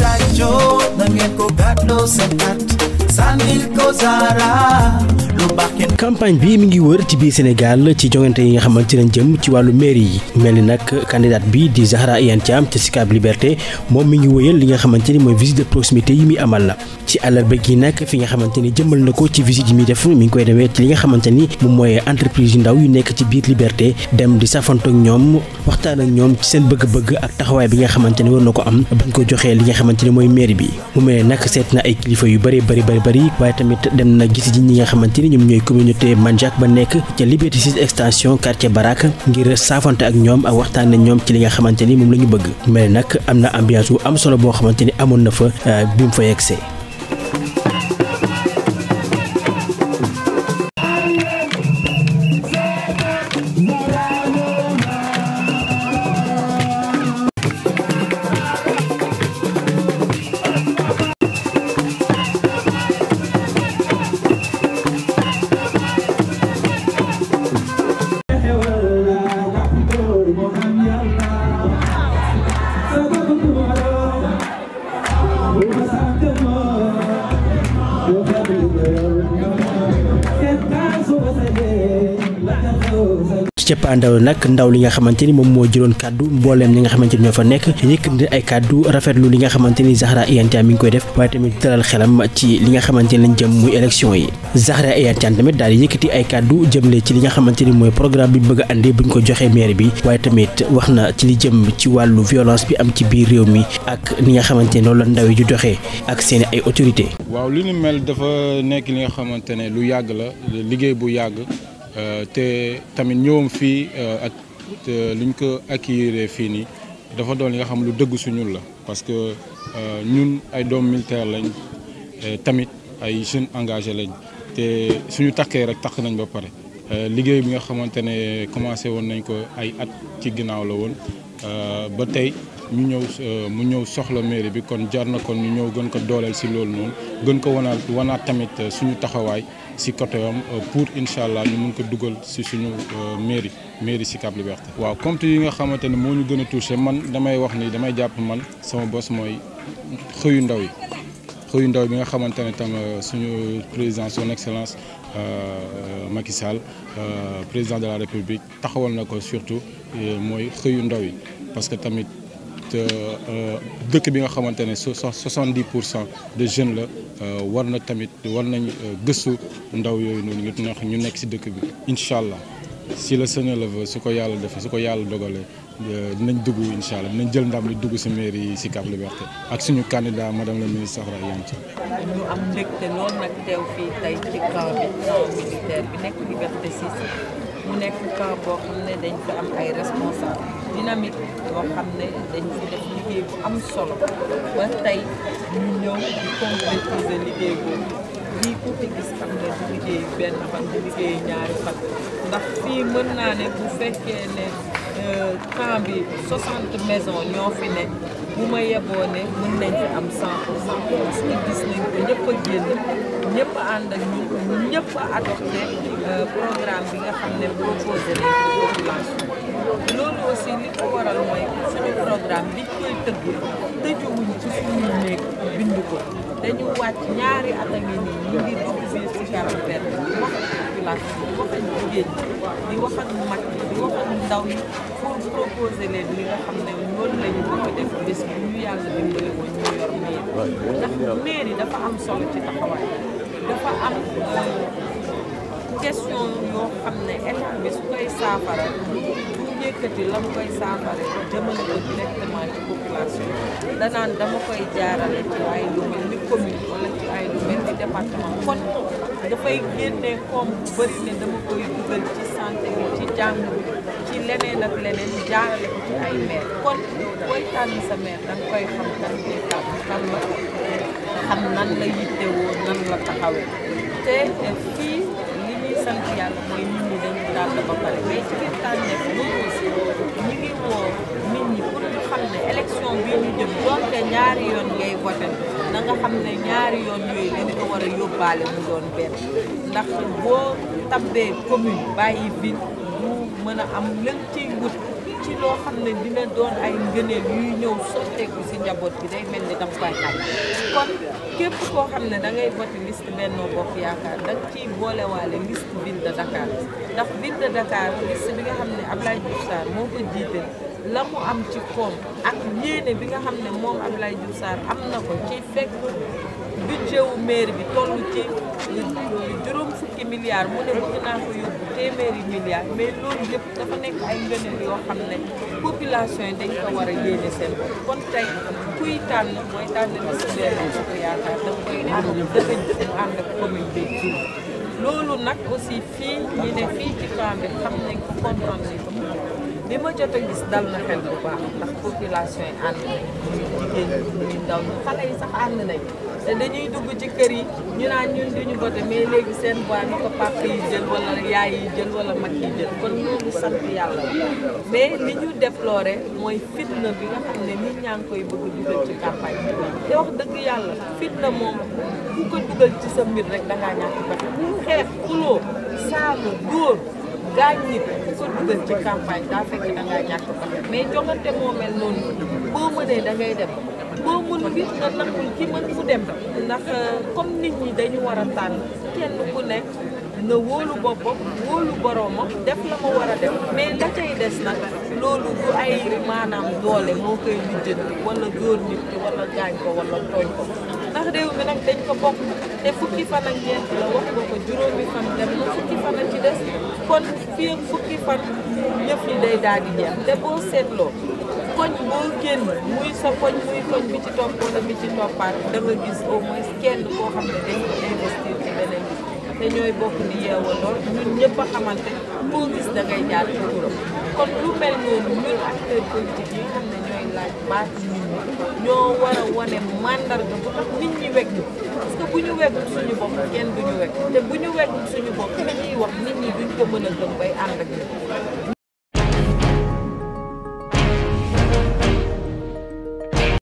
taajoo na ngeen ko gàddoo seen at sànnil ko Zara bi mu ngi wër ci biir Sénégal ci joŋante yi nga xamante ne jëm ci wàllu mairie yi mel ni nag candidat bi di Zahra Iyane Thiam ci Sicap Liberté moom mi ngi wëyal li nga xamante ni mooy visite de proximité yi muy amal la ci àllarba gi nag fi nga xamante ni jëmmal na ko ci visite yi muy def mi ngi koy demee ci li nga xamante ni moom mooy entreprise yu ndaw yu nekk ci biir Liberté dem di safantoog ñoom waxtaan ak ñoom seen bëgg-bëgg ak taxawaay bi nga xamante ne war na ko am bañ ko joxee li nga xamante ne mooy mairie bi seet na ay kilifa yu bari bari bari bëri waaye tamit dem na gis ji ñi nga xamante ni ñoom ñooy communauté Manjak ba nekk ca Liberté 6 extension quartier Barak ngir saafante ak ñoom ak waxtaan ak ñoom ci li nga xamante ni moom la ñu bëgg mel nag am na ambiance bu am solo boo xamante ni amoon na fa euh, bi mu fa yegsee cëppaandaw nag ndaw li nga xamante ni moom moo jëloon kàddu mbooleem ñi nga xamante ni ñoo fa nekk yëkkati ay kàddu rafetlu li nga xamante ni Zahra Iyane mi ngi koy def waaye tamit dalal xelam ci li nga xamante ni lañ jëm muy élection yi Zahra Iyane tamit daal di yëkkati ay kàddu jëmle ci li nga xamante ni mooy programme bi bëgg a andi buñ ko joxee maire bi waaye tamit wax na ci li jëm ci wàllu violence bi am ci biir réew mi ak li nga xamante ni loolu la ndaw yi di doxee ak seen ay autorité waaw li ñu mel dafa nekk li nga xamante ne lu yàgg la liggéey bu yàgg Euh, te tamit ñëwam fii euh, ak liñ ko acquérir fii nii dafa doon yi nga xam lu dëgg suñu la parce que euh, ñun ay doom militaire lañ tamit ay jeunes engagés lañ te suñu takkee rek takk nañ ba pare liggéey bi nga xamante ne commencé woon nañ ko ay at ci ginnaaw la woon ba tey ñu ñëw mu ñëw soxla mairie bi kon jar na kon ñu ñëw gën ko dooleel si loolu noonu gën ko wanaat wanaat tamit suñu taxawaay si côté am euh, pour incha allah ñu mun ko dugal si suñu euh, mairie mairie Sicap Liberté. waaw compte yi nga xamante ne moo ñu gën a touché man damay wax ni damay jàpp man sama bos mooy xëyu ndaw yi xëyu ndaw bi nga xamante ne tam euh, suñu président son excellence Macky Sall président de la république taxawal na ko surtout mooy xëyu ndaw yi parce que tamit. Euh, euh, dëkk bi nga xamante ne soixante di pour cent de jeunes la euh, war na tamit war nañ gëstu ndaw yooyu noonu ñu nekk si dëkk bi incha allah si la Senelec su ko yàlla defee su ko yàlla dogalee dinañ dugg incha allah dinañ jël ndam li dugg si mairie yi si Cap Liberté ak suñu candidat madame la ministre Zahra Iyane Thiam. ñu am mbégte lool nag teew fii tey ci camp bi bi nekk Liberté 6 mu nekk camp boo xam ne dañ fi am ay responsable dinamit boo xam ne dañ fi def liggéey bu am solo ba tey ñu ñëw di concrétiser liggéey boobu lii ku fi gis xam ne liggéey benn fan liggéey ñaari fan ndax fii mën naa ne bu fekkee ne euh, temps bi ñoo fi ne bu ma yeboo ne mën nañ am 100 pour cent parce gis nañ ko a génn ñëpp ànd ak ñun ñëpp a adopté euh, programme bi nga xam ne proposé nañ ko population loolu aussi li ko waral mooy suñu programme bi koy tëgg tëjuwuñ ci suñu néeg bind ko dañu wàcc ñaari at a ngi nii ñu ngi dox biir ci caractère bi wax ak population bi wax ak jigéen ñi di wax ak ndaw yi pour proposer leen li nga xam ne loolu la ñu bëgg def bés bu ñu yàlla dimbale woon ñu yor mairie ndax mairie dafa am solo ci taxawaay dafa am euh, question yoo xam ne état su koy saafara yëkkati la mu koy saafare jëmale ko directement ci population danaan dama koy jaarale ci ay lu mel ni commune wala ci ay lu mel ni département kon dafay génne koom bu ne dama koy dugal ci santé bi ci jàng bi ci leneen ak leneen jaarale ko ci ay maire kon booy tànn sa maire danga koy xam kan koy tànn la xam nan la yittewoo nan la taxawee te fii li ñuy sant yàlla mooy nit ñi dañ tànn ba pare mais tànneef loolu aussi ñu ngi woo nit ñi pour ñu xam ne élection bii ñu jëm doonte ñaari yoon ngay voté na nga xam ne ñaari yoon yooyu dañ ko war yóbbaale mu doon benn ndax boo tabbee commune bàyyi ville du mën a am lëng ciy wut ci loo xam ne dina doon ay ngëneel yuy ñëw sotteeku si njaboot bi day mel ni daf koy xam kon képp koo xam ne dangay ngay voté liste Benno Bokk Yaakaar da nga ciy boolewaale liste ville de Dakar ndax ville de Dakar bi nga xam ne Abdoulaye Diouf Sarr moo ko jiite la mu am ci koom ak yéene bi nga xam ne moom Abdoulaye Diouf Sarr am na ko ci fekk budget wu bi toll ci milliards mu ne bëgg naa ko yóbbu téeméeri milliards mais loolu yëpp dafa nekk ay ngëneel yoo xam ne population yi dañ ko war a yéene seen bopp kon tey kuy tànn mooy tànn na si benn bopp yaakaar dafa koy def dafa ànd ak commune bi loolu nag aussi fii ñu ne fii ci camp xam nañ ko comprendre nañ ko li ma jot a gis dal na xel bu baax ndax population yi ànd nañ muy jigéen muy ndaw ñu xale yi sax ànd nañ te dañuy dugg ci kër yi ñu naan ñun duñu voté mais léegi seen voix ni ko papa yi jël wala yaay yi jël wala mag yi jël kon loolu sant yàlla mais ni ñu déploré mooy fitna bi nga xam ne nit ñaa koy bëgg dugal ci campagne te wax dëgg yàlla fitna moom ku ko dugal ci sa mbir xuloo saaga góor gaañ nit ko dugal ci campagne daa fekk da ngaa ñàkk mais jongante moo mel noonu boo mënee da ngay dem boo mënul it nga nangul ki mën mu dem ndax euh, comme nit ñi dañu war a tànn kenn ku nekk na wóolu boppam wóolu boroomam def la ma war a def mais des nag loolu du ay maanaam doole moo koy mujjënd wala góor nit ki wala gaañ ko wala tooñ ko réew mi nag dañ ko bokk te fukki fan ak ñeent la wax nga ko juróomi fan dem fukki fan a ci des kon fii ak fukki fan ñëpp yi day daal di te boo seetloo koñ boo génn muy sa koñ muy koñ bi ci topp wala bi ci toppaat da nga gis kenn koo xam ne dañ ko investir ci bi te ñooy bokk di yeewandoo ñun ñëpp a xamante boo gis da ngay jaar ci kon lu mel noonu ñun acteurs politiques yi xam ne ñooy laaj baax ñoo war a wane mandarga bu tax nit ñi wegg parce que bu ñu weggul suñu bopp kenn du ñu wegg te bu ñu weggul suñu bopp li ñuy wax nit ñi duñ ko mën a gëm bay ànd ak